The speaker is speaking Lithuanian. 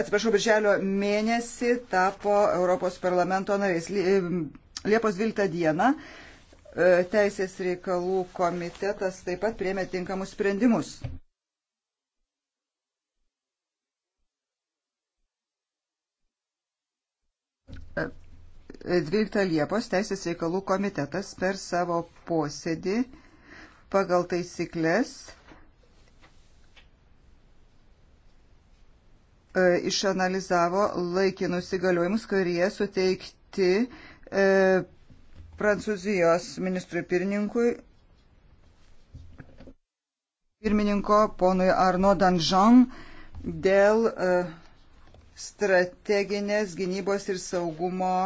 atsiprašau, birželio mėnesį tapo Europos parlamento nariais. Liepos 12 dieną e, Teisės reikalų komitetas taip pat priemė tinkamus sprendimus. E, dvyliktą Liepos Teisės reikalų komitetas per savo posėdį pagal taisyklės E, išanalizavo laikinus įgaliojimus, kurie suteikti e, Prancūzijos ministrui pirmininkui pirmininko ponui Arno Danžan dėl e, strateginės gynybos ir saugumo